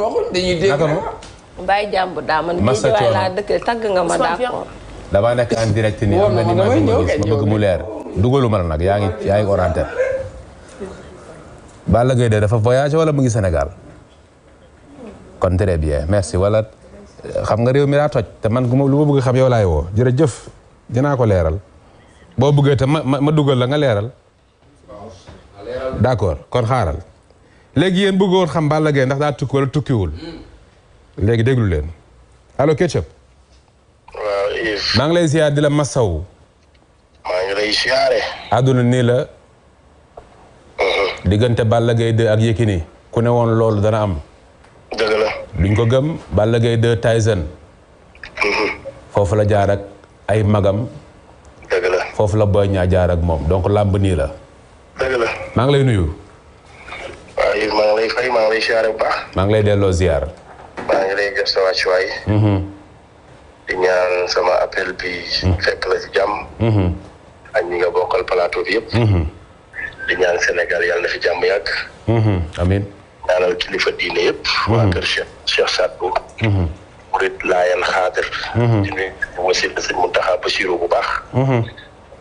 waxuñ dañuy jàmb daa man. masa coono laa dëkk tagg nga ma d'accord. damaa nekk en direct nii ni ma bëgg mu leer. dugaluma la nag yaa ngi yaa ngi orienté. Balla de dafa voyagé wala mu ngi Sénégal. kon très bien merci wala xam nga réew mi daa toj te man ku ma lu ma bëgg xam yow laay woo jërëjëf dinaa ko leeral boo buggee te ma ma dugal la nga leeral d'accord kon xaaral léegi yéen bëggoon xam Balla Gaye ndax daa tukki wala tukkiwul hmm. léegi déglu leen allo Ketchup. waaw lay ziar di la Massaw. si ngi lay nii la. Hmm. diggante Balla gay 2 ak ni ku ne woon loolu dana am. dëgg la. luñ ko gëm Balla gay 2 Tyson. Hmm. foofu la jaar ak ay magam. dëgg la foofu la Boy Niang jaar ak moom donc làmb nii la. dëgg la maa lay nuyu. lay fay maa ngi lay ziar bu baax. maa ngi lay delloo ziar. maa ngi lay jox sa wàccuwaay. di ñaan sama appel bi. Mm-hmm. fekk la ci jàmm. Mm-hmm. ak ñi nga bokkal plateau yëpp. Mm-hmm. di ñaan Sénégal yàlla na fi jàmm yàgg. amiin. ñaanal kilifa diine yëpp. waa kër Cheikh Cheikh Sadbou. murit laayan xaadir. di nuyu wasil sëñ Muntaxa Basiru baax.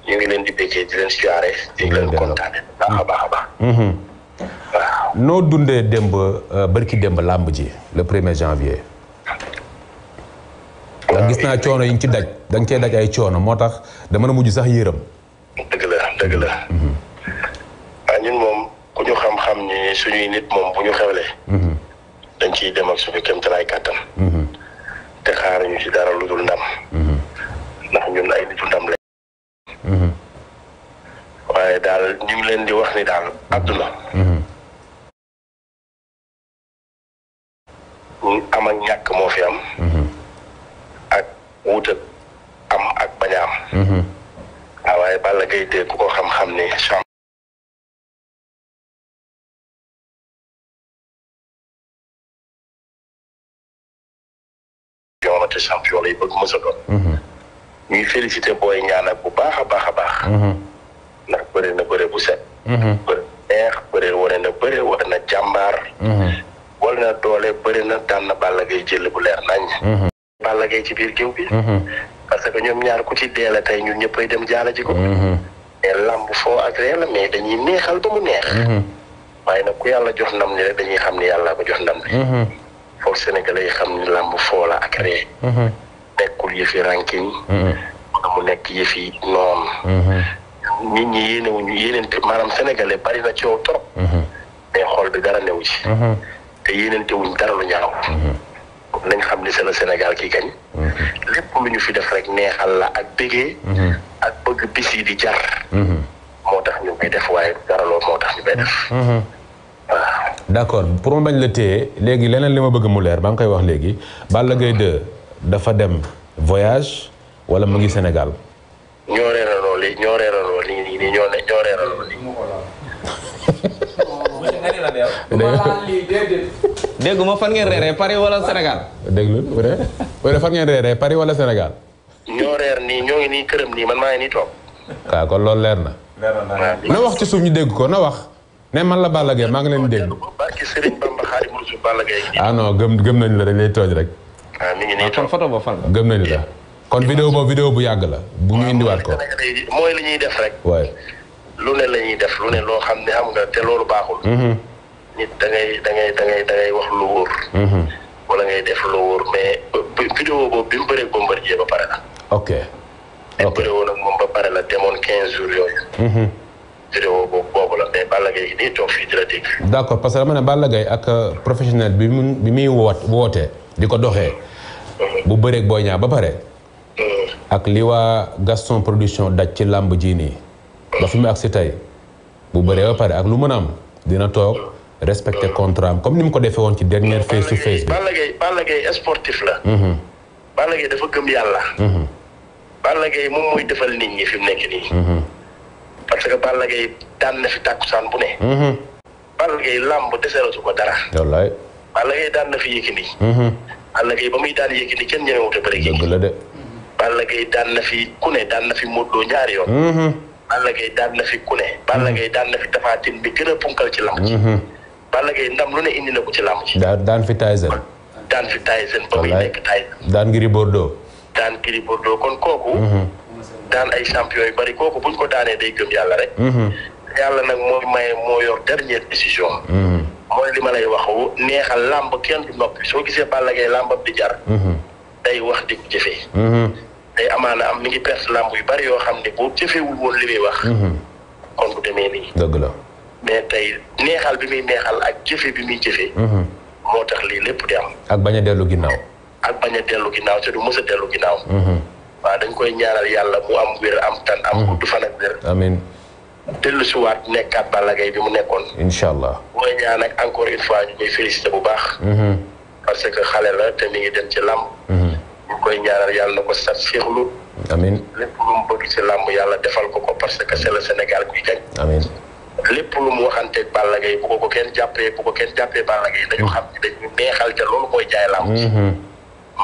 ñu ngi leen di békkee di leen siyaare di leen kontaane baax a baax a baax. noo dundee démb euh, bërki démb làmb ji le premier janvier. waaw gis naa coono yi nga ci daj da cee daj ay coono moo tax dama na mujj sax yërëm. dëgg la dëgg la. Mhm. ah ñun moom ku ñu xam-xam ni suñuy nit moom bu ñu xewlee. Mhm. dañ ciy dem ak suñu kéemtalaay kàttan. Mhm. te xaar ñu ci dara lu dul ndam. ndax ñun ay nitu ndam lañ. waaye daal ñu leen di wax ni daal àdduna. am ak ñàkk moo fi am. Mhm. ak wut ak am ak bañ am. Mhm. Ah, waaye Balla Gaye ku xam-xam ni champion. yoon na te champion lay bëgg booy ñaan ak bu baax a baax a baax. Mhm. ndax bëri na bëri bu set. bëri neex na bëri wane na jàmbaar. boole na doole bëri na daan na Balla Gaye jël bu leer nañ. Mhm. Balla ci biir géew bi. Mhm. parce que ñoom ñaar ku ci dee la tey ñun ñëppay dem jaala ji ko. Mhm. mais làmb foo ak ree la mais dañuy neexal ba mu neex. waaye nag yàlla jox ndam dañuy xam ni yàlla ko jox ndam ni foog Sénégalais yi xam la ak ree. nekkul yëfi ranking. mu nekk yëfi noonu. nit ñi yéenewuñu yéeneen maanaam sénégalais bari na coow trop. mais xool bi dara newu ci. te yéenante wuñ dara lu ñaaw. Mhm. nañ xam ni c'est le Sénégal ki gañ. Mhm. lépp lu ñu fi def rek neexal la ak bëggee. Mhm. ak bëgg bis di jar. moo tax ñu koy def waaye dara loolu moo tax ñu koy def. waaw d'accord pour ma bañ la téye léegi leneen li ma bëgg mu leer ba nga koy wax léegi Balla Gaye 2 dafa dem voyage wala mu ngi Sénégal. ñoo reeraloo li ñoo reeraloo li ñoo reeraloo li. dégg ma fan ngeen reeree Paris wala Sénégal. dégg lu wala wala fan ngeen reeree wala Sénégal. ñoo reer nii ñoo ngi man maa ngi nii toog. waaw ah, na. na wax ci suuf ko na wax. ne man la Balla Gaye maa ngi leen di dégg. barki Serigne Bamba Xaadimu Rasuul Balla Gaye ah non gëm gëm nañu ah, ah, bu yàgg la. bu ñu indiwaat ko loo xam ne xam nga te loolu baaxul. Mm-hmm. nit da ngay da ngay da wax lu wóor. Mhm. ngay def lu mais bi mu bëree la. ok ok bëree mhm. boobu la mais Balla Gaye nii toog fii di la dégg. d' parce que dama ne Balla Gaye ak euh, professionnel bi mu bi muy woot wootee di ko doxee. Mhm. bu bëreeg Boy Niang ba pare. ak li waa Gaston production daj ci làmb ji nii. ba fi mu agsi tey bu bëree ba pare ak lu mën am dina toog. respecté contrat comme ni mu ko defee woon ci dernière face to face bi. Balla Gaye Balla Gaye sportif la. Mhm. Balla dafa gëm yàlla. Mhm. Balla Gaye moom defal nit ñi fi mu nekk nii. Mhm. parce que Balla Gaye daan na fi tàkkusaan bu ne. Balla Gaye làmb su ko dara. wallaay Balla Gaye daan na fi Yékini. Balla Gaye ba muy daan Yékini kenn ñemewut a bëri. dëgg la de. daan na fi ku ne daan na fi Modou Lo ñaari yoon. Balla Gaye daan na fi ku ne. Balla Gaye daan na fi Tapha Tine bi gën a punkal ci lamb ci. Balla Gaye ndam lu ne indi na ko ci làmb ci. daan daan fi Tyson. daan fi Tyson ba muy nekk Tyson. daan Gris Bordeaux. daan Gris Bordeaux kon kooku. Mm-hmm. daan ay champion yu bari kooku buñ ko daanee day gëm yàlla rek. Mm-hmm. yàlla nag mooy maye moo yor dernière décision. Mm-hmm. mooy li ma lay wax neexal làmb kenn du noppi soo gisee Balla Gaye di jar. tey wax di ko jëfee. day amaana am mi ngi perte làmb yu bari yoo xam ne boo jëfeewul woon li muy wax. kon bu demee nii. dëgg la. mais tey neexal bi muy neexal ak jëfe bi muy jëfe mhm. moo tax lii lépp di am. ak bañ dellu ginnaaw. ak bañ a dellu ginnaaw te du mës a dellu ginnaaw. Mhm. waaw dañ koy ñaanal yàlla mu am wér am tan am mhm. gudd fan ak wér. amiin. dellu si waat nekkaat Balla bi mu nekkoon. incha allah mooy ñaan ak encore une fois ñu ñuy félicité bu baax. parce que xale la te mi ngi dem ci làmb. ñu koy ñaanal yàlla na ko sat féexlu. amiin lépp lu mu bëgg ci làmb yàlla defal ko ko parce que c'est le lépp lu mu waxanteeg Balla Gaye bu ko ko kenn jàppee bu ko kenn jàppee Balla Gaye dañu mm. xam ne dañu neexal te loolu mooy jaay làmb ji mm-hmm.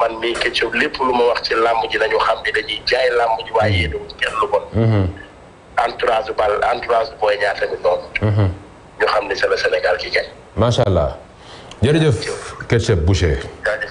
man mii Ketchup lépp lu ma wax ci làmb ji dañu xam ne dañuy jaay làmb ji waaye mm. yéen kenn lu bon mm-hmm. entourage Balla entourage Boy Niang tamit noonu mm-hmm. ñu xam ne c'est le Sénégal ki gañ macha allah jërëjëf Ketchup Boucher